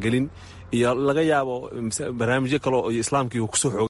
gelin iyo laga yaabo barnaamijyo kale oo islaamkii uu kusoo xoogay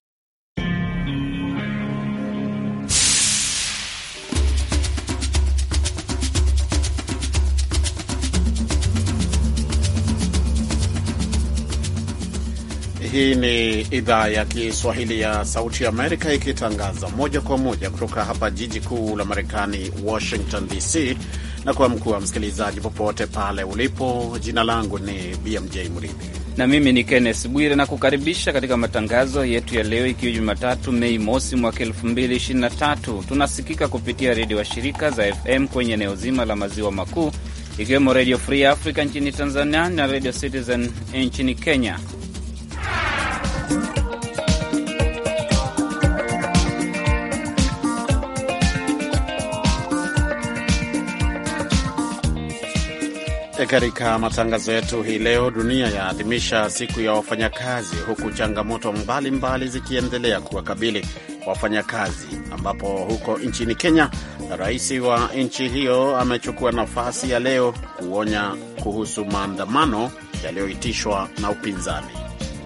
Hii ni idhaa ya Kiswahili ya Sauti Amerika ikitangaza moja kwa moja kutoka hapa jiji kuu la Marekani, Washington DC na kwa mkuu wa msikilizaji popote pale ulipo. Jina langu ni BMJ Mridhi na mimi ni Kenneth Bwire na kukaribisha katika matangazo yetu ya leo, ikiwa Jumatatu Mei mosi mwaka tatu. Tunasikika kupitia redio wa shirika za FM kwenye eneo zima la maziwa makuu ikiwemo Radio Free Africa nchini Tanzania na Radio Citizen nchini Kenya. E, katika matangazo yetu hii leo, dunia yaadhimisha siku ya wafanyakazi, huku changamoto mbalimbali zikiendelea kuwakabili wafanyakazi, ambapo huko nchini Kenya rais wa nchi hiyo amechukua nafasi ya leo kuonya kuhusu maandamano yaliyoitishwa na upinzani.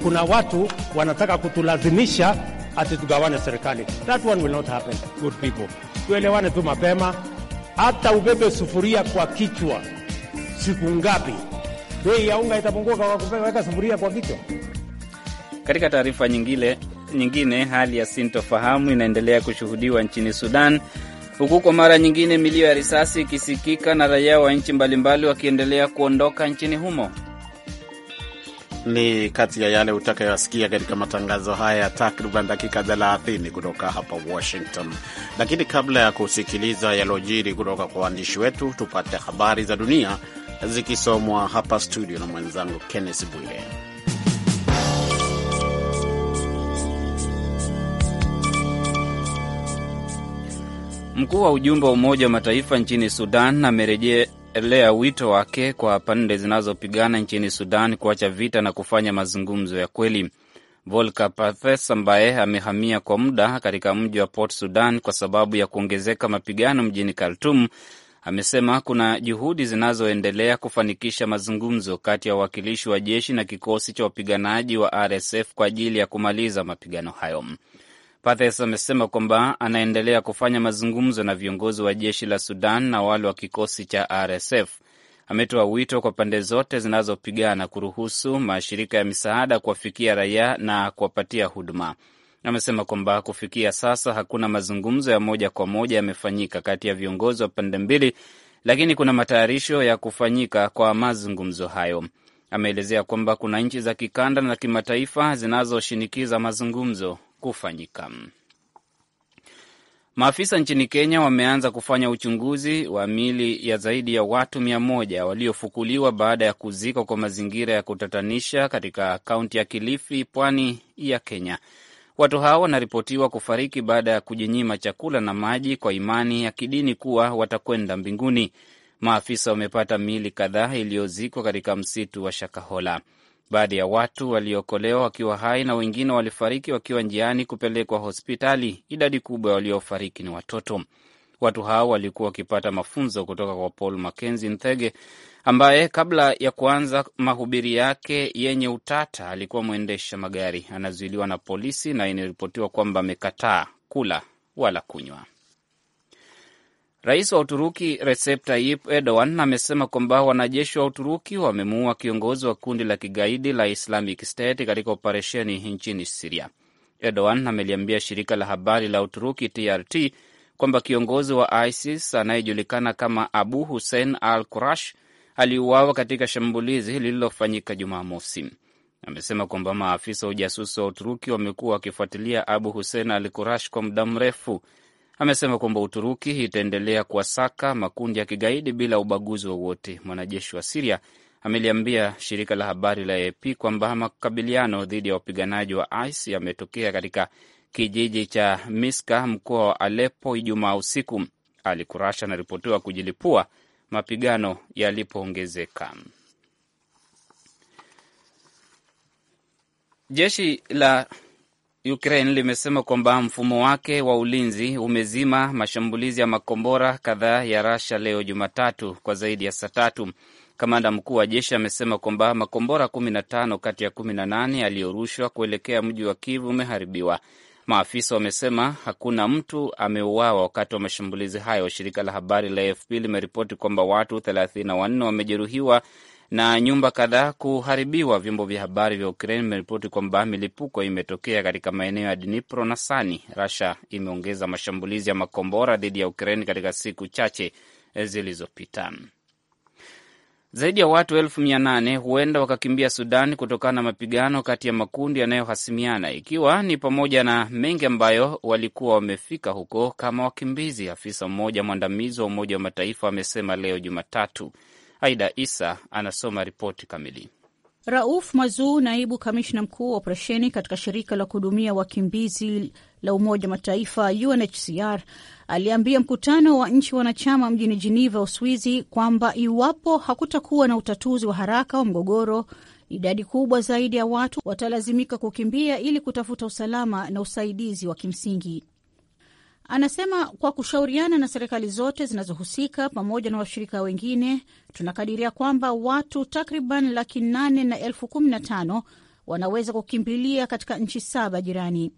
Kuna watu wanataka kutulazimisha ati tugawane serikali. That one will not happen. Good people, tuelewane tu mapema, hata ubebe sufuria kwa kichwa siku ngapi bei ya unga itapunguka kwa kuweka sufuria kwa kichwa. Katika taarifa nyingine, nyingine hali ya sintofahamu inaendelea kushuhudiwa nchini Sudan huku kwa mara nyingine milio ya risasi ikisikika na raia wa nchi mbalimbali wakiendelea kuondoka nchini humo. Ni kati ya yale utakayoasikia katika matangazo haya ya takriban dakika 30 kutoka hapa Washington. Lakini kabla ya kusikiliza yalojiri kutoka kwa waandishi wetu, tupate habari za dunia zikisomwa hapa studio na mwenzangu Kenneth Bwire. Mkuu wa ujumbe wa Umoja wa Mataifa nchini Sudan amerejelea wito wake kwa pande zinazopigana nchini Sudan kuacha vita na kufanya mazungumzo ya kweli. Volker Perthes ambaye amehamia kwa muda katika mji wa Port Sudan kwa sababu ya kuongezeka mapigano mjini Khartoum amesema kuna juhudi zinazoendelea kufanikisha mazungumzo kati ya wawakilishi wa jeshi na kikosi cha wapiganaji wa RSF kwa ajili ya kumaliza mapigano hayo. Pathes amesema kwamba anaendelea kufanya mazungumzo na viongozi wa jeshi la Sudan na wale wa kikosi cha RSF. Ametoa wito kwa pande zote zinazopigana kuruhusu mashirika ya misaada kuwafikia raia na kuwapatia huduma amesema kwamba kufikia sasa hakuna mazungumzo ya moja kwa moja yamefanyika kati ya viongozi wa pande mbili, lakini kuna matayarisho ya kufanyika kwa mazungumzo hayo. Ameelezea kwamba kuna nchi za kikanda na kimataifa zinazoshinikiza mazungumzo kufanyika. Maafisa nchini Kenya wameanza kufanya uchunguzi wa mili ya zaidi ya watu mia moja waliofukuliwa baada ya kuzikwa kwa mazingira ya kutatanisha katika kaunti ya Kilifi, pwani ya Kenya. Watu hao wanaripotiwa kufariki baada ya kujinyima chakula na maji kwa imani ya kidini kuwa watakwenda mbinguni. Maafisa wamepata miili kadhaa iliyozikwa katika msitu wa Shakahola. Baadhi ya watu waliokolewa wakiwa hai na wengine walifariki wakiwa njiani kupelekwa hospitali. Idadi kubwa ya waliofariki ni watoto. Watu hao walikuwa wakipata mafunzo kutoka kwa Paul Mackenzie Nthege ambaye kabla ya kuanza mahubiri yake yenye utata alikuwa mwendesha magari. Anazuiliwa na polisi na inaripotiwa kwamba amekataa kula wala kunywa. Rais wa Uturuki Recep Tayyip Erdogan amesema kwamba wanajeshi wa Uturuki wamemuua kiongozi wa kundi la kigaidi la Islamic State katika operesheni nchini Siria. Erdogan ameliambia shirika la habari la Uturuki TRT kwamba kiongozi wa ISIS anayejulikana kama Abu Hussein al Qurash aliuawa katika shambulizi lililofanyika Jumamosi. Amesema kwamba maafisa wa ujasusi wa Uturuki wamekuwa wakifuatilia Abu Hussein al Qurash kwa muda mrefu. Amesema kwamba Uturuki itaendelea kuwasaka makundi ya kigaidi bila ubaguzi wowote. Mwanajeshi wa Siria ameliambia shirika la habari la AP kwamba makabiliano dhidi ya wapiganaji wa IS yametokea katika kijiji cha Miska, mkoa wa Alepo, Ijumaa usiku. Alikurasha anaripotiwa kujilipua mapigano yalipoongezeka. Jeshi la Ukraine limesema kwamba mfumo wake wa ulinzi umezima mashambulizi ya makombora kadhaa ya Rasha leo Jumatatu kwa zaidi ya saa tatu. Kamanda mkuu wa jeshi amesema kwamba makombora 15 kati ya 18 yaliyorushwa kuelekea mji wa Kiev umeharibiwa. Maafisa wamesema hakuna mtu ameuawa wakati wa mashambulizi hayo. Shirika la habari la AFP limeripoti kwamba watu 34 wamejeruhiwa na nyumba kadhaa kuharibiwa. Vyombo vya habari vya Ukraine vimeripoti kwamba milipuko imetokea katika maeneo ya Dnipro na Sani. Russia imeongeza mashambulizi ya makombora dhidi ya Ukraine katika siku chache zilizopita. Zaidi ya watu elfu mia nane huenda wakakimbia Sudan kutokana na mapigano kati ya makundi yanayohasimiana ikiwa ni pamoja na mengi ambayo walikuwa wamefika huko kama wakimbizi, afisa mmoja mwandamizi wa Umoja wa Mataifa amesema leo Jumatatu. Aida Isa anasoma ripoti kamili. Rauf Mazu, naibu kamishna mkuu wa operesheni katika shirika la kuhudumia wakimbizi la Umoja Mataifa UNHCR aliambia mkutano wa nchi wanachama mjini Jeneva, Uswizi, kwamba iwapo hakutakuwa na utatuzi wa haraka wa mgogoro, idadi kubwa zaidi ya watu watalazimika kukimbia ili kutafuta usalama na usaidizi wa kimsingi. Anasema kwa kushauriana na serikali zote zinazohusika pamoja na washirika wengine, tunakadiria kwamba watu takriban laki nane na elfu kumi na tano wanaweza kukimbilia katika nchi saba jirani.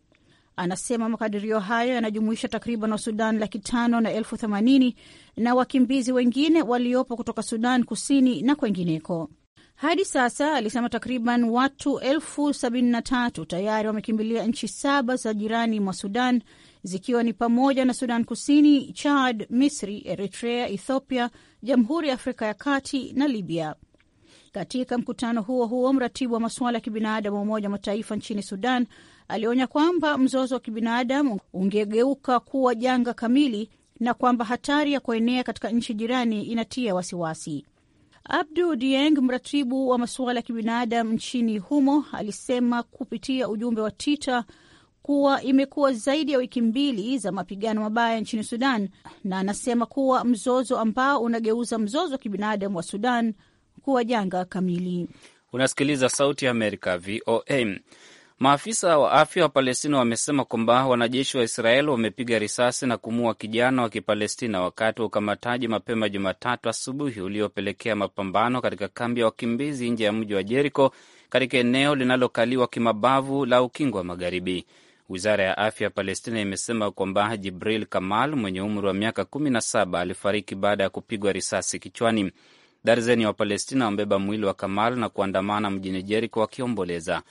Anasema makadirio hayo yanajumuisha takriban wa Sudan laki tano na elfu themanini na wakimbizi wengine waliopo kutoka Sudan kusini na kwengineko. Hadi sasa, alisema takriban watu elfu sabini na tatu tayari wamekimbilia nchi saba za jirani mwa Sudan, zikiwa ni pamoja na Sudan Kusini, Chad, Misri, Eritrea, Ethiopia, Jamhuri ya Afrika ya Kati na Libya. Katika mkutano huo huo, mratibu wa masuala ya kibinadamu wa Umoja wa Mataifa nchini Sudan Alionya kwamba mzozo wa kibinadamu ungegeuka kuwa janga kamili na kwamba hatari ya kuenea katika nchi jirani inatia wasiwasi. Abdu Dieng, mratibu wa masuala ya kibinadamu nchini humo, alisema kupitia ujumbe wa Twitter kuwa imekuwa zaidi ya wiki mbili za mapigano mabaya nchini Sudan, na anasema kuwa mzozo ambao unageuza mzozo wa kibinadamu wa Sudan kuwa janga kamili. Unasikiliza Sauti ya Amerika, VOA. Maafisa wa afya wa Palestina wamesema kwamba wanajeshi wa Israeli wamepiga risasi na kumua kijana wa Kipalestina wakati wa ukamataji mapema Jumatatu asubuhi uliopelekea mapambano katika kambi ya wakimbizi nje ya mji wa Jeriko katika eneo linalokaliwa kimabavu la Ukingo wa Magharibi. Wizara ya afya ya Palestina imesema kwamba Jibril Kamal mwenye umri wa miaka 17 alifariki baada ya kupigwa risasi kichwani. Darzeni wa Palestina wamebeba mwili wa Kamal na kuandamana mjini Jeriko wakiomboleza.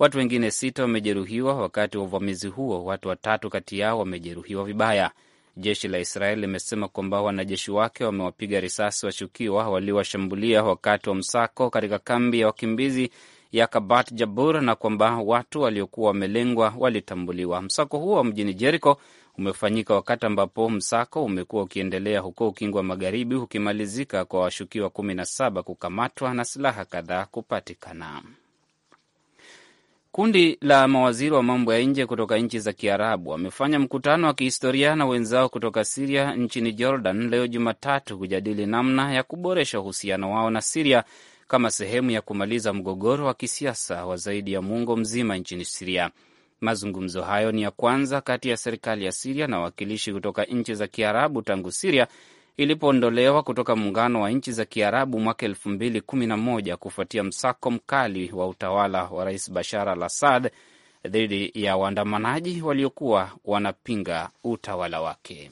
Watu wengine sita wamejeruhiwa wakati wa uvamizi huo, watu watatu kati yao wamejeruhiwa vibaya. Jeshi la Israeli limesema kwamba wanajeshi wake wamewapiga risasi washukiwa waliowashambulia wakati wa msako katika kambi ya wakimbizi ya Kabat Jabur na kwamba watu waliokuwa wamelengwa walitambuliwa. Msako huo mjini Jeriko umefanyika wakati ambapo msako umekuwa ukiendelea huko Ukingo wa Magharibi, ukimalizika kwa washukiwa kumi na saba kukamatwa na silaha kadhaa kupatikana. Kundi la mawaziri wa mambo ya nje kutoka nchi za Kiarabu wamefanya mkutano wa kihistoria na wenzao kutoka Siria nchini Jordan leo Jumatatu kujadili namna ya kuboresha uhusiano wao na Siria kama sehemu ya kumaliza mgogoro wa kisiasa wa zaidi ya muongo mzima nchini Siria. Mazungumzo hayo ni ya kwanza kati ya serikali ya Siria na wawakilishi kutoka nchi za Kiarabu tangu Siria ilipoondolewa kutoka muungano wa nchi za Kiarabu mwaka elfu mbili kumi na moja kufuatia msako mkali wa utawala wa Rais Bashar al Assad dhidi ya waandamanaji waliokuwa wanapinga utawala wake.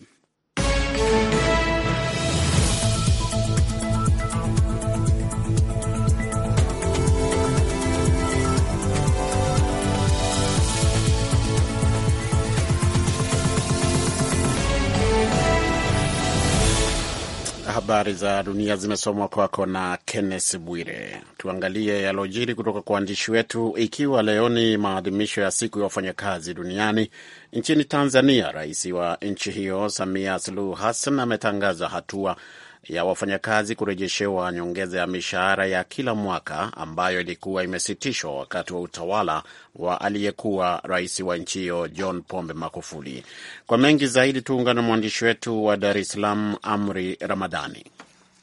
Habari za dunia zimesomwa kwako na Kenneth Bwire. Tuangalie yalojiri kutoka kwa waandishi wetu. Ikiwa leo ni maadhimisho ya siku ya wafanyakazi duniani, nchini Tanzania, rais wa nchi hiyo Samia Suluhu Hassan ametangaza hatua ya wafanyakazi kurejeshewa nyongeza ya mishahara ya kila mwaka ambayo ilikuwa imesitishwa wakati wa utawala wa aliyekuwa rais wa nchi hiyo John Pombe Magufuli. Kwa mengi zaidi, tuungana na mwandishi wetu wa Dar es Salaam, Amri Ramadhani.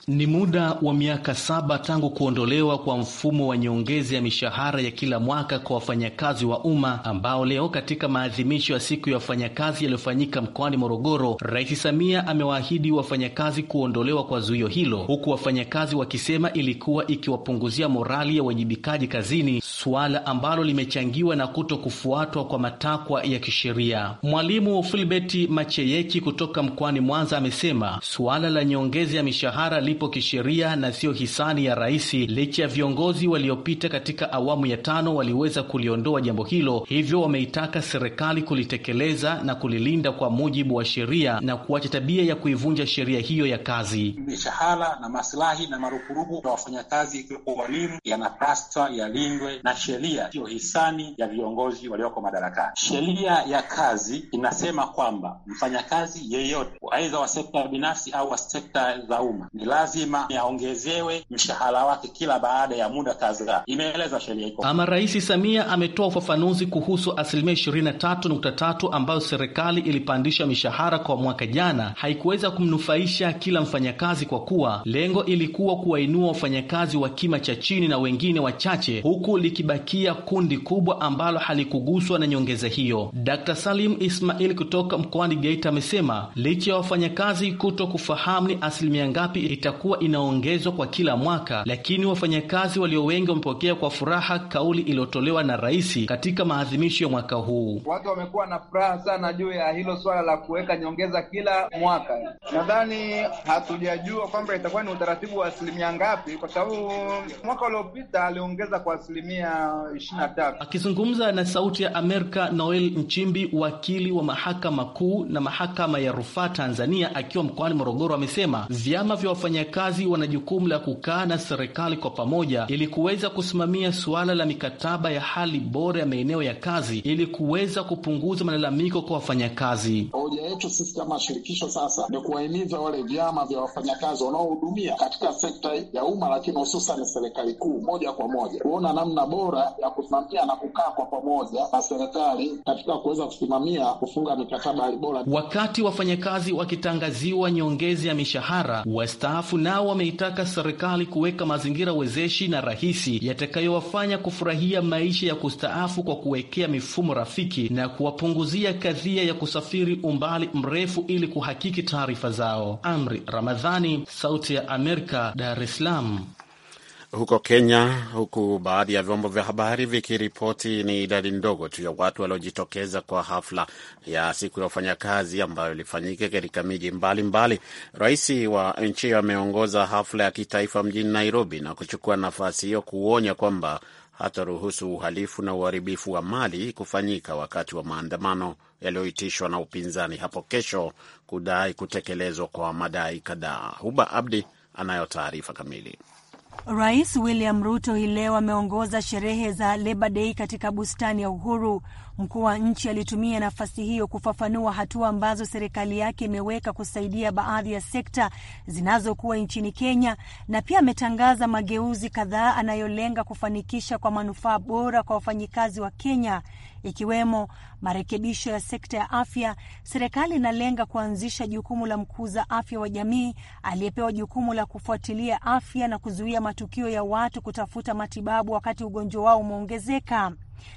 Ni muda wa miaka saba tangu kuondolewa kwa mfumo wa nyongeza ya mishahara ya kila mwaka kwa wafanyakazi wa umma ambao leo katika maadhimisho ya siku ya wafanyakazi yaliyofanyika mkoani Morogoro, Rais Samia amewaahidi wafanyakazi kuondolewa kwa zuio hilo, huku wafanyakazi wakisema ilikuwa ikiwapunguzia morali ya uwajibikaji kazini, suala ambalo limechangiwa na kuto kufuatwa kwa matakwa ya kisheria. Mwalimu Filbert Macheyeki kutoka mkoani Mwanza amesema suala la nyongeza ya mishahara ipo kisheria na siyo hisani ya rais, licha ya viongozi waliopita katika awamu ya tano waliweza kuliondoa jambo hilo. Hivyo wameitaka serikali kulitekeleza na kulilinda kwa mujibu wa sheria na kuacha tabia ya kuivunja sheria hiyo ya kazi. Mishahara na masilahi na marupurupu ya wafanyakazi ikiwepo walimu yanapaswa yalindwe na sheria, siyo hisani ya viongozi walioko madarakani. Sheria ya kazi inasema kwamba mfanyakazi yeyote, aidha wa sekta binafsi au wa sekta za umma, ni lazima lazima yaongezewe mshahara wake kila baada ya muda kadhaa, imeeleza sheria iko. Ama Rais Samia ametoa ufafanuzi kuhusu asilimia ishirini na tatu nukta tatu ambayo serikali ilipandisha mishahara kwa mwaka jana, haikuweza kumnufaisha kila mfanyakazi kwa kuwa lengo ilikuwa kuwainua wafanyakazi wa kima cha chini na wengine wachache, huku likibakia kundi kubwa ambalo halikuguswa na nyongeza hiyo. Dr. Salim Ismail kutoka mkoani Geita amesema licha ya wafanyakazi kuto kufahamu ni asilimia ngapi ita itakuwa inaongezwa kwa kila mwaka, lakini wafanyakazi walio wengi wamepokea kwa furaha kauli iliyotolewa na rais katika maadhimisho ya mwaka huu. Watu wamekuwa na furaha sana juu ya hilo swala la kuweka nyongeza kila mwaka. Nadhani hatujajua kwamba itakuwa ni utaratibu wa asilimia ngapi, kwa sababu mwaka uliopita aliongeza kwa asilimia ishirini na tatu. Akizungumza na Sauti ya Amerika, Noel Nchimbi, wakili wa mahakama kuu na mahakama ya rufaa Tanzania, akiwa mkoani Morogoro, amesema vyama vya wafanya wafanyakazi wana jukumu la kukaa na serikali kwa pamoja ili kuweza kusimamia suala la mikataba ya hali bora ya maeneo ya kazi ili kuweza kupunguza malalamiko kwa wafanyakazi. Hoja yetu sisi kama shirikisho sasa ni kuwahimiza wale vyama vya wafanyakazi wanaohudumia katika sekta ya umma, lakini hususan serikali kuu, moja kwa moja kuona namna bora ya kusimamia na kukaa kwa pamoja na serikali katika kuweza kusimamia kufunga mikataba hali bora. Wakati wafanyakazi wakitangaziwa nyongezi ya mishahara wastaafu Halafu nao wameitaka serikali kuweka mazingira wezeshi na rahisi yatakayowafanya kufurahia maisha ya kustaafu kwa kuwekea mifumo rafiki na kuwapunguzia kadhia ya kusafiri umbali mrefu ili kuhakiki taarifa zao. Amri Ramadhani, Sauti ya Amerika, Dar es Salaam huko Kenya, huku baadhi ya vyombo vya habari vikiripoti ni idadi ndogo tu ya watu waliojitokeza kwa hafla ya siku ya wafanyakazi ambayo ilifanyika katika miji mbalimbali. Rais wa nchi hiyo ameongoza hafla ya kitaifa mjini Nairobi na kuchukua nafasi hiyo kuonya kwamba hataruhusu uhalifu na uharibifu wa mali kufanyika wakati wa maandamano yaliyoitishwa na upinzani hapo kesho kudai kutekelezwa kwa madai kadhaa. Huba Abdi anayo taarifa kamili. Rais William Ruto hii leo ameongoza sherehe za Labour Day katika bustani ya Uhuru Mkuu wa nchi alitumia nafasi hiyo kufafanua hatua ambazo serikali yake imeweka kusaidia baadhi ya sekta zinazokuwa nchini Kenya, na pia ametangaza mageuzi kadhaa anayolenga kufanikisha kwa manufaa bora kwa wafanyikazi wa Kenya, ikiwemo marekebisho ya sekta ya afya. Serikali inalenga kuanzisha jukumu la mkuuza afya wa jamii aliyepewa jukumu la kufuatilia afya na kuzuia matukio ya watu kutafuta matibabu wakati ugonjwa wao umeongezeka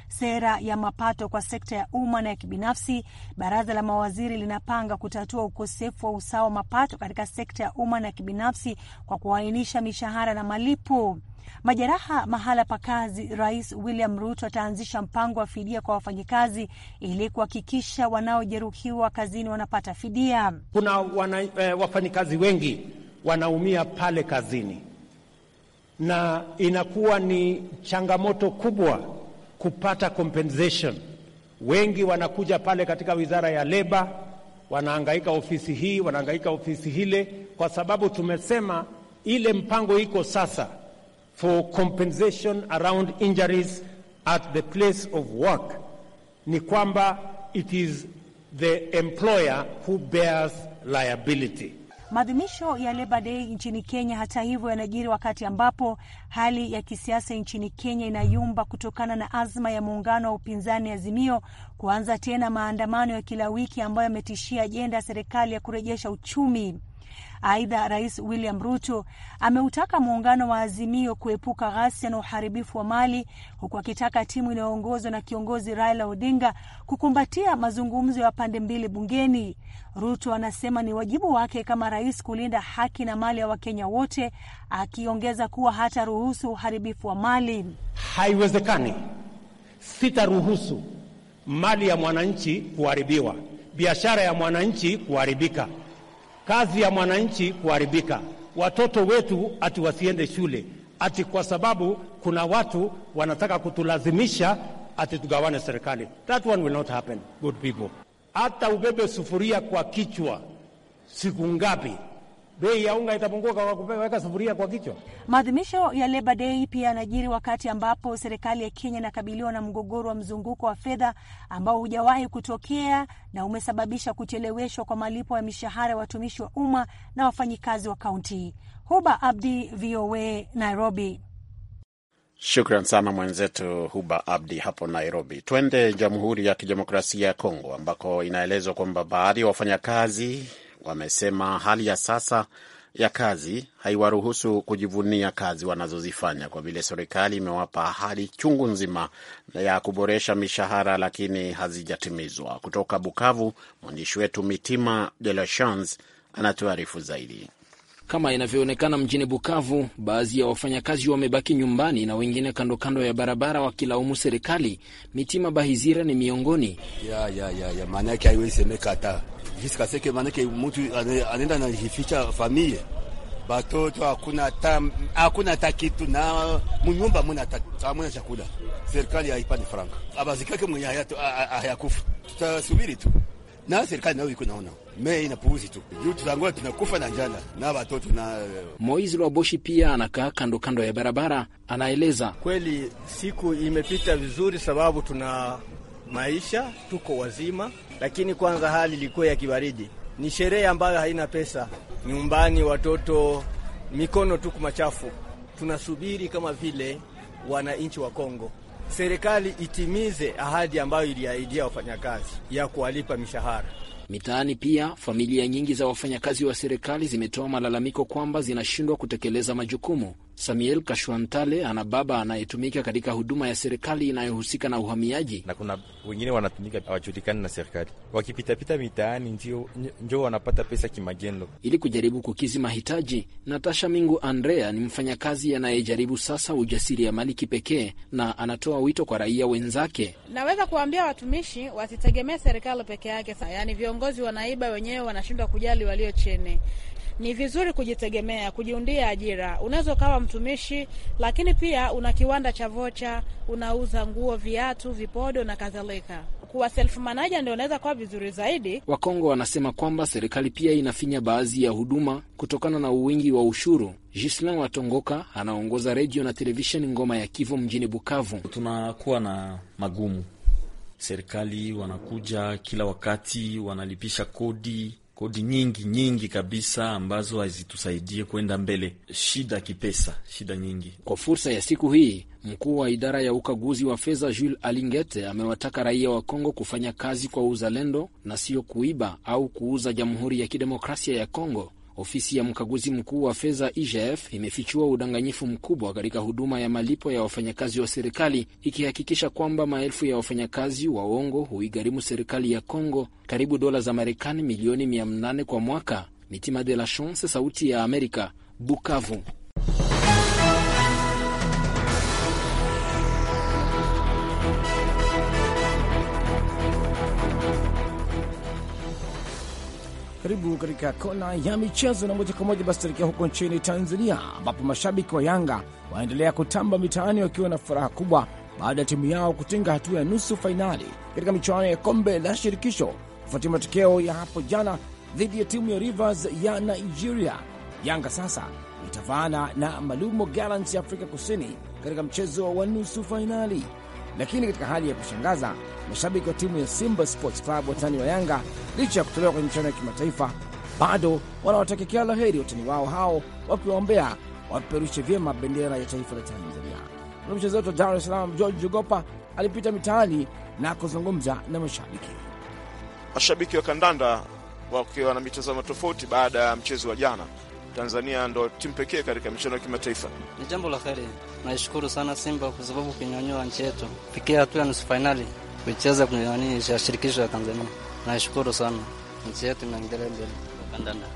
sera ya mapato kwa sekta ya umma na ya kibinafsi. Baraza la mawaziri linapanga kutatua ukosefu wa usawa wa mapato katika sekta ya umma na kibinafsi kwa kuainisha mishahara na malipo majeraha mahala pa kazi. Rais William Ruto ataanzisha mpango wa fidia kwa wafanyikazi ili kuhakikisha wanaojeruhiwa kazini wanapata fidia. Kuna wana, e, wafanyikazi wengi wanaumia pale kazini na inakuwa ni changamoto kubwa kupata compensation. Wengi wanakuja pale katika wizara ya leba, wanaangaika ofisi hii, wanaangaika ofisi hile, kwa sababu tumesema ile mpango iko sasa for compensation around injuries at the place of work, ni kwamba it is the employer who bears liability Maadhimisho ya Labour Day nchini Kenya, hata hivyo, yanajiri wakati ambapo hali ya kisiasa nchini Kenya inayumba kutokana na azma ya muungano wa upinzani Azimio kuanza tena maandamano ya kila wiki ambayo yametishia ajenda ya serikali ya kurejesha uchumi. Aidha, Rais William Ruto ameutaka muungano wa Azimio kuepuka ghasia na uharibifu wa mali, huku akitaka timu inayoongozwa na kiongozi Raila Odinga kukumbatia mazungumzo ya pande mbili bungeni. Ruto anasema ni wajibu wake kama rais kulinda haki na mali ya Wakenya wote, akiongeza kuwa hataruhusu uharibifu wa mali. Haiwezekani, sitaruhusu mali ya mwananchi kuharibiwa, biashara ya mwananchi kuharibika kazi ya mwananchi kuharibika, watoto wetu ati wasiende shule, ati kwa sababu kuna watu wanataka kutulazimisha ati tugawane serikali. That one will not happen, good people. Hata ubebe sufuria kwa kichwa siku ngapi? bei ya unga itapungua kwa kuweka sufuria kwa kichwa. Maadhimisho ya Labor Day pia yanajiri wakati ambapo serikali ya Kenya inakabiliwa na mgogoro wa mzunguko wa fedha ambao hujawahi kutokea na umesababisha kucheleweshwa kwa malipo ya mishahara ya watumishi wa umma na wafanyikazi wa kaunti. Huba Abdi, VOA, Nairobi. Shukran sana mwenzetu Huba Abdi hapo Nairobi. Twende Jamhuri ya Kidemokrasia ya Kongo ambako inaelezwa kwamba baadhi ya wafanyakazi wamesema hali ya sasa ya kazi haiwaruhusu kujivunia kazi wanazozifanya kwa vile serikali imewapa ahadi chungu nzima ya kuboresha mishahara, lakini hazijatimizwa. Kutoka Bukavu, mwandishi wetu Mitima De La Chance anatuarifu zaidi. Kama inavyoonekana mjini Bukavu, baadhi ya wafanyakazi wamebaki nyumbani na wengine kando kando ya barabara wakilaumu serikali. Mitima Bahizira ni miongoni ya, ya, ya, ya, haiwezi semeka hata jiska seke, maanake anenda anaenda najificha familia batoto hakuna ta hakuna ta kitu na munyumba muna hamuna chakula. Serikali haipani franka abazikake mwenye hayakufa, tutasubiri tu na serikali nayo iko naona me inapuuzi tu juu tutangoa tunakufa na njala na batoto na. Moizi Lwaboshi pia anakaa kando kando ya barabara, anaeleza kweli, siku imepita vizuri sababu tuna maisha, tuko wazima, lakini kwanza hali ilikuwa ya kibaridi. Ni sherehe ambayo haina pesa nyumbani, watoto mikono tuku machafu. Tunasubiri kama vile wananchi wa Kongo serikali itimize ahadi ambayo iliahidia wafanyakazi ya kuwalipa mishahara. Mitaani pia familia nyingi za wafanyakazi wa serikali zimetoa malalamiko kwamba zinashindwa kutekeleza majukumu Samuel Kashwantale ana baba anayetumika katika huduma ya serikali inayohusika na uhamiaji, na kuna wengine wanatumika hawajulikani na serikali, wakipitapita mitaani ndio njo wanapata pesa kimagendo, ili kujaribu kukizi mahitaji. Natasha Mingu Andrea ni mfanyakazi anayejaribu sasa ujasiri ya mali kipekee, na anatoa wito kwa raia wenzake. Naweza kuwaambia watumishi wasitegemee serikali peke yake, yani viongozi wanaiba wenyewe, wanashindwa kujali walio chini. Ni vizuri kujitegemea, kujiundia ajira. Unaweza ukawa mtumishi, lakini pia una kiwanda cha vocha, unauza nguo, viatu, vipodo na kadhalika. Kuwa self manager ndio unaweza kuwa vizuri zaidi. Wakongo wanasema kwamba serikali pia inafinya baadhi ya huduma kutokana na uwingi wa ushuru. Gislain Watongoka anaongoza redio na televisheni Ngoma ya Kivu mjini Bukavu. Tunakuwa na magumu, serikali wanakuja kila wakati, wanalipisha kodi kodi nyingi nyingi kabisa ambazo hazitusaidie kwenda mbele, shida kipesa, shida nyingi. Kwa fursa ya siku hii, mkuu wa idara ya ukaguzi wa fedha Jules Alingete amewataka raia wa Kongo kufanya kazi kwa uzalendo na sio kuiba au kuuza Jamhuri ya Kidemokrasia ya Kongo Ofisi ya mkaguzi mkuu wa fedha IGF imefichua udanganyifu mkubwa katika huduma ya malipo ya wafanyakazi wa serikali, ikihakikisha kwamba maelfu ya wafanyakazi wa ongo huigharimu serikali ya Kongo karibu dola za Marekani milioni 800 kwa mwaka. Mitima de la Chance, Sauti ya Amerika, Bukavu. karibu katika kona ya michezo na moja kwa moja. Basi tuelekea huko nchini Tanzania, ambapo mashabiki wa Yanga waendelea kutamba mitaani wakiwa na furaha kubwa baada ya timu yao kutinga hatua ya nusu fainali katika michuano ya kombe la shirikisho kufuatia matokeo ya hapo jana dhidi ya timu ya Rivers ya Nigeria. Yanga sasa itavaana na Malumo Gallants ya Afrika Kusini katika mchezo wa nusu fainali. Lakini katika hali ya kushangaza, mashabiki wa timu ya Simba Sports Club, watani wa Yanga, licha ya kutolewa kwenye michuano ya kimataifa, bado la laheri watani wao hao, wakiwaombea wapeperushe vyema bendera ya taifa la Tanzania. Mwanamchezo wetu wa Dar es Salaam George Jogopa alipita mitaani na kuzungumza na mashabiki. Mashabiki wa kandanda wakiwa na mitazamo tofauti baada ya mchezo wa jana. Tanzania ndo timu pekee katika michezo ya kimataifa. Ni jambo la heri, naishukuru sana Simba kwa sababu kuinyanyua nchi yetu fikia hatua ya nusu fainali kuicheza kwenye shirikisho ya Tanzania. Naishukuru sana nchi yetu inaendelea mbele kandanda.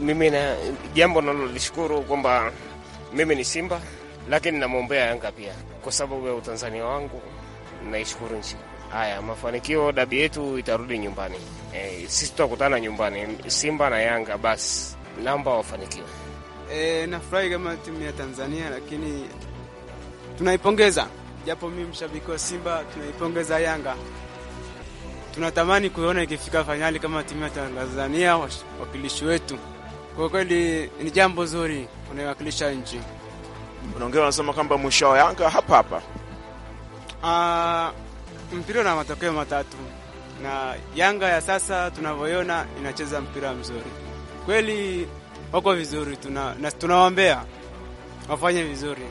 Mimi na jambo nalolishukuru kwamba mimi ni Simba, lakini namwombea Yanga pia kwa sababu ya utanzania wangu. Naishukuru nchi haya mafanikio, dabi yetu itarudi nyumbani. E, sisi tutakutana nyumbani Simba na Yanga basi naomba wafanikiwe. E, nafurahi kama timu ya Tanzania, lakini tunaipongeza japo mimi mshabiki wa Simba, tunaipongeza Yanga. Tunatamani kuiona ikifika fainali kama timu ya Tanzania, wakilishi wetu. Kwa kweli ni jambo zuri, unaiwakilisha nchi. Unaongea unasema kwamba mwisho wa Yanga hapa hapa. Ah, mpira na matokeo matatu, na Yanga ya sasa tunavyoiona inacheza mpira mzuri. Kweli wako vizuri, tunawaombea wafanye vizuri.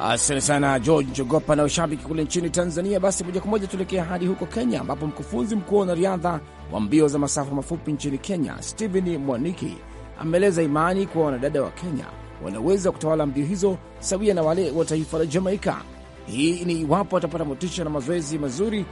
Asante sana George Njogopa na ushabiki kule nchini Tanzania. Basi moja kwa moja tuelekea hadi huko Kenya, ambapo mkufunzi mkuu wa wanariadha wa mbio za masafa mafupi nchini Kenya, Stephen Mwaniki, ameeleza imani kuwa wanadada wa Kenya wanaweza kutawala mbio hizo sawia na wale wa taifa la Jamaika. Hii ni iwapo watapata motisha na mazoezi mazuri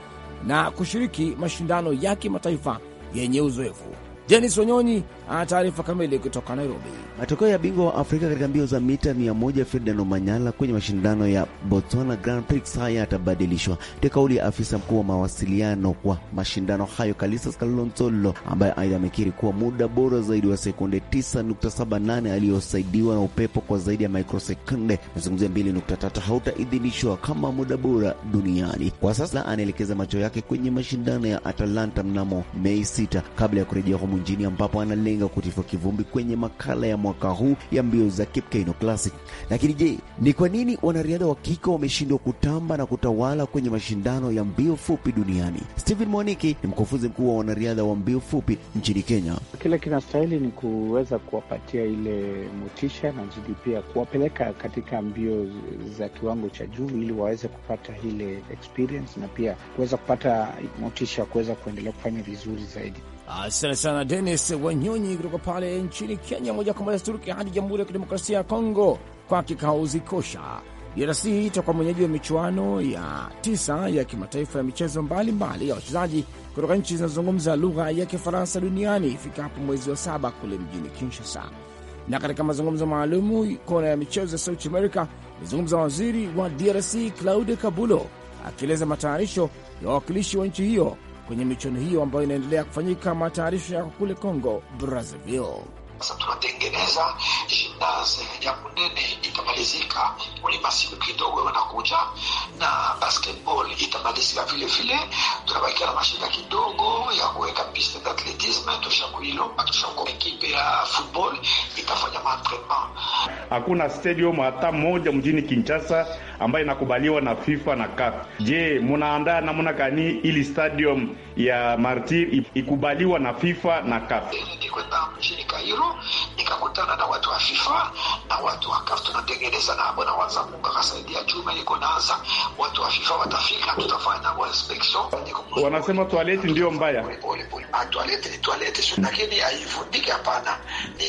na kushiriki mashindano ya kimataifa yenye uzoefu. Denis Wanyonyi ana taarifa kamili kutoka Nairobi. Matokeo ya bingwa wa Afrika katika mbio za mita 100 Ferdinand Omanyala kwenye mashindano ya Botswana Grand Prix haya yatabadilishwa. Ndio kauli ya afisa mkuu wa mawasiliano kwa mashindano hayo Kalisas Kalonzolo, ambaye aidha amekiri kuwa muda bora zaidi wa sekunde 9.78 aliyosaidiwa na upepo kwa zaidi ya mikrosekunde nazungumzia 2.3 hautaidhinishwa kama muda bora duniani. Kwa sasa anaelekeza macho yake kwenye mashindano ya Atalanta mnamo Mei 6 kabla ya kurejea mjini ambapo analenga kutifa kivumbi kwenye makala ya mwaka huu ya mbio za Kipkeino Classic. Lakini je, ni kwa nini wanariadha wa kike wameshindwa kutamba na kutawala kwenye mashindano ya mbio fupi duniani? Stephen Mwaniki ni mkufunzi mkuu wa wanariadha wa mbio fupi nchini Kenya. Kile kinastahili ni kuweza kuwapatia ile motisha na zidi pia kuwapeleka katika mbio za kiwango cha juu ili waweze kupata ile experience na pia kuweza kupata motisha kuweza kuendelea kufanya vizuri zaidi. Asante sana Denis Wanyonyi kutoka pale nchini Kenya. Moja kwa moja Turuki hadi Jamhuri ya Kidemokrasia ya Kongo kwa kikauzi kosha. DRC itakuwa mwenyeji wa michuano ya tisa ya kimataifa ya michezo mbalimbali ya wachezaji kutoka nchi zinazozungumza lugha ya Kifaransa duniani ifikapo mwezi wa saba kule mjini Kinshasa. Na katika mazungumzo maalumu kona ya michezo ya Sauti Amerika amezungumza waziri wa DRC Claude Kabulo akieleza matayarisho ya wawakilishi wa nchi hiyo kwenye michuano hiyo ambayo inaendelea kufanyika. Matayarisho yako kule Congo Brazzaville. Sasa tunatengeneza na eh, jambo nene itamalizika, kulipa siku kidogo wanakuja na basketball itamalizika vile vile. Tunabakia na mashida kidogo ya kuweka piste za atletism, tushakuilomba tushakuwa ekipe ya football itafanya maentrainment. Hakuna stadium hata moja mjini Kinshasa ambayo inakubaliwa na FIFA na CAF. Je, munaandaa namna gani ili stadium ya Martir ikubaliwa na FIFA na CAF? Nilikwenda mjini Kairo nikakutana na watu wa FIFA vifaa na watu wakafu, tunatengeneza na bwana wazamungu akasaidia chuma iliko naanza, watu wa FIFA watafika, tutafanya inspection. Wanasema toileti ndio mbaya, ah, toileti ni toileti, hmm. lakini haivundiki. Hapana, ni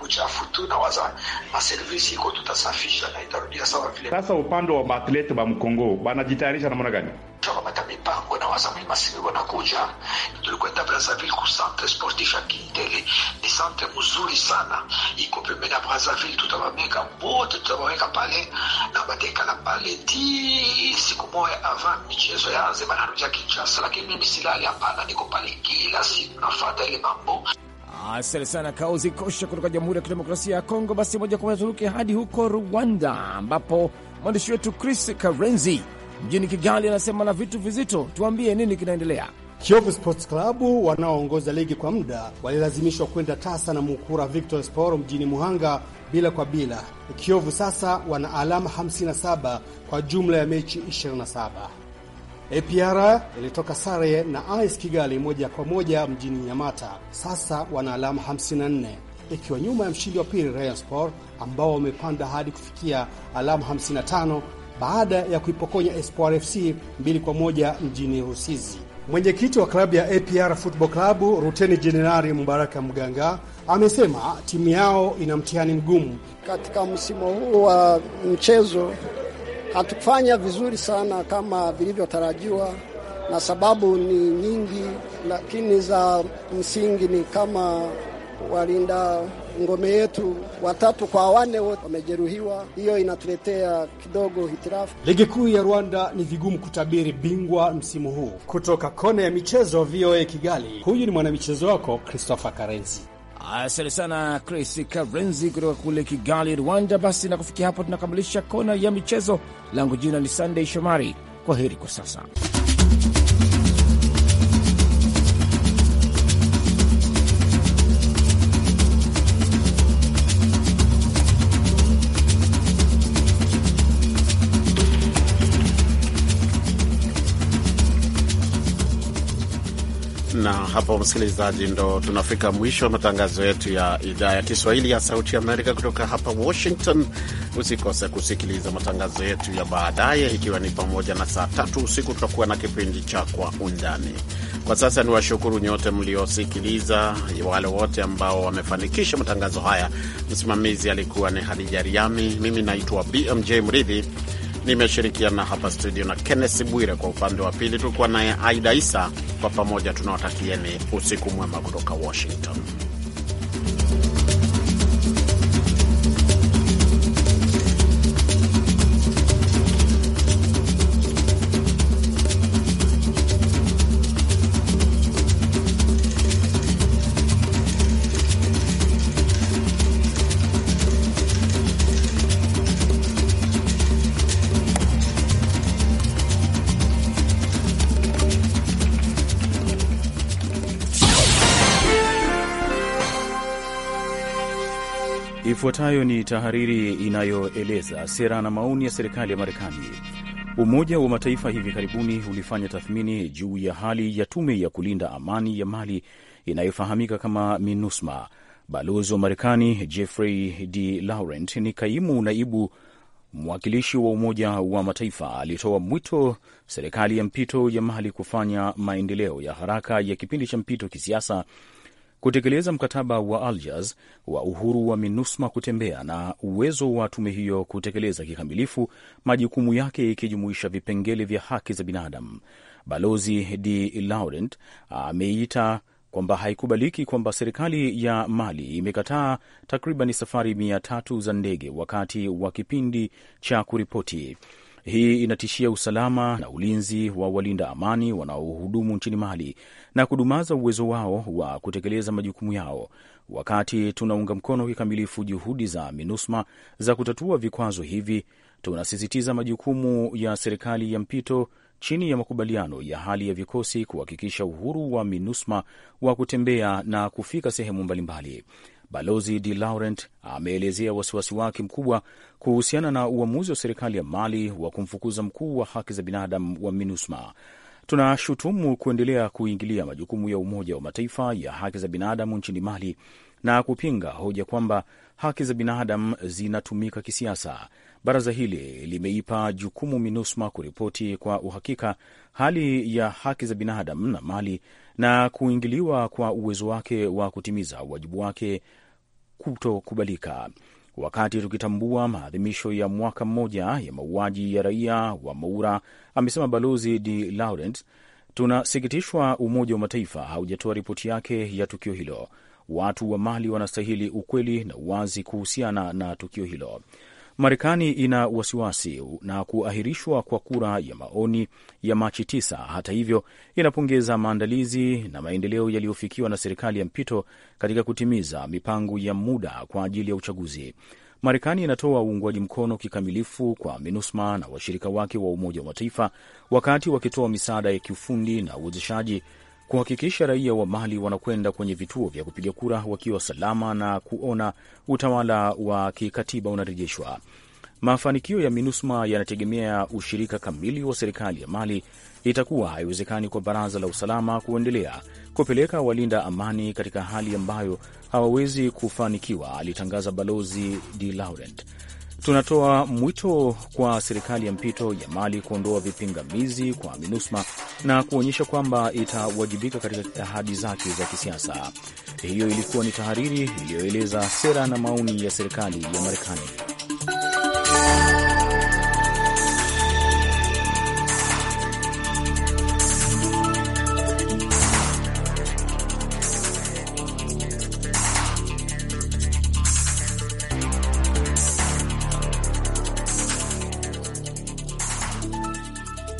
uchafu tu, na waza maservisi iko, tutasafisha na itarudia sawa vile. Sasa upande wa maatleti ba mkongo banajitayarisha namna gani? mipango Masami Masini wanakuja, tulikwenda Brazzaville ku centre sportif ya Kindele. Ni centre mzuri sana, iko pembeni ya Brazzaville. Tutawaweka wote, tutawaweka pale na bateka batekala pale ti siku moja avant michezo yaanze, banarudia Kinshasa. Lakini mimi silali, hapana, niko pale kila siku, nafuata ile mambo. Asante sana Kauzi Kosha kutoka Jamhuri ya Kidemokrasia ya Kongo. Basi moja kwa moja turuke hadi huko Rwanda, ambapo mwandishi wetu Chris Karenzi mjini Kigali anasema na vitu vizito. Tuambie nini kinaendelea. Kiyovu Sports Club wanaoongoza ligi kwa muda walilazimishwa kwenda tasa na Mukura Victor Sport mjini Muhanga bila kwa bila. Kiyovu sasa wana alama 57 kwa jumla ya mechi 27. APR ilitoka sare na AS Kigali moja kwa moja mjini Nyamata. Sasa wana alama 54 ikiwa nyuma ya mshindi wa pili Rayon Sport ambao wamepanda hadi kufikia alama 55 baada ya kuipokonya Espoir FC mbili kwa moja mjini Rusizi. Mwenyekiti wa klabu ya APR Football Club Ruteni Jenerali Mubaraka Mganga amesema timu yao ina mtihani mgumu katika msimu huu wa mchezo. Hatukufanya vizuri sana kama vilivyotarajiwa, na sababu ni nyingi, lakini za msingi ni kama walinda ngome yetu watatu kwa wane wote wamejeruhiwa. Hiyo inatuletea kidogo hitirafu Ligi kuu ya Rwanda ni vigumu kutabiri bingwa msimu huu. Kutoka kona ya michezo VOA Kigali, huyu ni mwanamichezo wako Christopher Karenzi. Asante sana Chris Karenzi kutoka kule Kigali, Rwanda. Basi na kufikia hapo, tunakamilisha kona ya michezo. Langu jina ni sandey Shomari. Kwa heri kwa sasa. hapo msikilizaji, ndo tunafika mwisho wa matangazo yetu ya idhaa ya Kiswahili ya Sauti Amerika kutoka hapa Washington. Usikose kusikiliza matangazo yetu ya baadaye, ikiwa ni pamoja na saa tatu usiku tutakuwa na kipindi cha Kwa Undani. Kwa sasa ni washukuru nyote mliosikiliza, wale wote ambao wamefanikisha matangazo haya. Msimamizi alikuwa ni Hadija Riami, mimi naitwa BMJ Mridhi. Nimeshirikiana hapa studio na kennes Bwire, kwa upande wa pili tulikuwa naye Aida Isa. Kwa pamoja tunawatakieni usiku mwema kutoka Washington. Ifuatayo ni tahariri inayoeleza sera na maoni ya serikali ya Marekani. Umoja wa Mataifa hivi karibuni ulifanya tathmini juu ya hali ya tume ya kulinda amani ya Mali inayofahamika kama MINUSMA. Balozi wa Marekani Jeffrey D Laurent ni kaimu naibu mwakilishi wa Umoja wa Mataifa alitoa mwito serikali ya mpito ya Mali kufanya maendeleo ya haraka ya kipindi cha mpito kisiasa kutekeleza mkataba wa Algiers wa uhuru wa MINUSMA kutembea na uwezo wa tume hiyo kutekeleza kikamilifu majukumu yake ikijumuisha vipengele vya haki za binadamu. Balozi De Laurent ameita kwamba haikubaliki kwamba serikali ya Mali imekataa takriban safari mia tatu za ndege wakati wa kipindi cha kuripoti. Hii inatishia usalama na ulinzi wa walinda amani wanaohudumu nchini Mali na kudumaza uwezo wao wa kutekeleza majukumu yao. Wakati tunaunga mkono kikamilifu juhudi za MINUSMA za kutatua vikwazo hivi, tunasisitiza majukumu ya serikali ya mpito chini ya makubaliano ya hali ya vikosi kuhakikisha uhuru wa MINUSMA wa kutembea na kufika sehemu mbalimbali mbali. Balozi De Laurent ameelezea wasiwasi wake mkubwa kuhusiana na uamuzi wa serikali ya Mali wa kumfukuza mkuu wa haki za binadamu wa MINUSMA. Tunashutumu kuendelea kuingilia majukumu ya Umoja wa Mataifa ya haki za binadamu nchini Mali na kupinga hoja kwamba haki za binadamu zinatumika kisiasa. Baraza hili limeipa jukumu MINUSMA kuripoti kwa uhakika hali ya haki za binadamu na mali na kuingiliwa kwa uwezo wake wa kutimiza wajibu wake kutokubalika. Wakati tukitambua maadhimisho ya mwaka mmoja ya mauaji ya raia wa Moura, amesema Balozi De Laurent, tunasikitishwa Umoja wa Mataifa haujatoa ripoti yake ya tukio hilo. Watu wa Mali wanastahili ukweli na uwazi kuhusiana na tukio hilo. Marekani ina wasiwasi na kuahirishwa kwa kura ya maoni ya Machi tisa. Hata hivyo, inapongeza maandalizi na maendeleo yaliyofikiwa na serikali ya mpito katika kutimiza mipango ya muda kwa ajili ya uchaguzi. Marekani inatoa uungwaji mkono kikamilifu kwa MINUSMA na washirika wake wa Umoja wa Mataifa wakati wakitoa misaada ya kiufundi na uwezeshaji kuhakikisha raia wa Mali wanakwenda kwenye vituo vya kupiga kura wakiwa salama na kuona utawala wa kikatiba unarejeshwa. Mafanikio ya MINUSMA yanategemea ushirika kamili wa serikali ya Mali. Itakuwa haiwezekani kwa Baraza la Usalama kuendelea kupeleka walinda amani katika hali ambayo hawawezi kufanikiwa, alitangaza Balozi De Laurent. Tunatoa mwito kwa serikali ya mpito ya Mali kuondoa vipingamizi kwa MINUSMA na kuonyesha kwamba itawajibika katika ahadi zake za kisiasa. Hiyo ilikuwa ni tahariri iliyoeleza sera na maoni ya serikali ya Marekani.